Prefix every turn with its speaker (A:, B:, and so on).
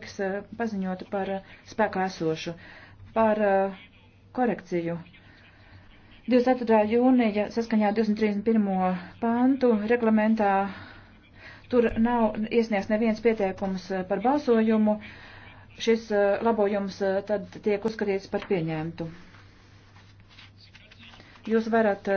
A: tiks eh, paziņota par eh, spēkā esošu, par eh, korekciju. 24. jūnija saskaņā 231. pantu reglamentā tur nav iesniegts neviens pieteikums par balsojumu. Šis labojums tad tiek uzskatīts par pieņemtu.
B: Jūs varat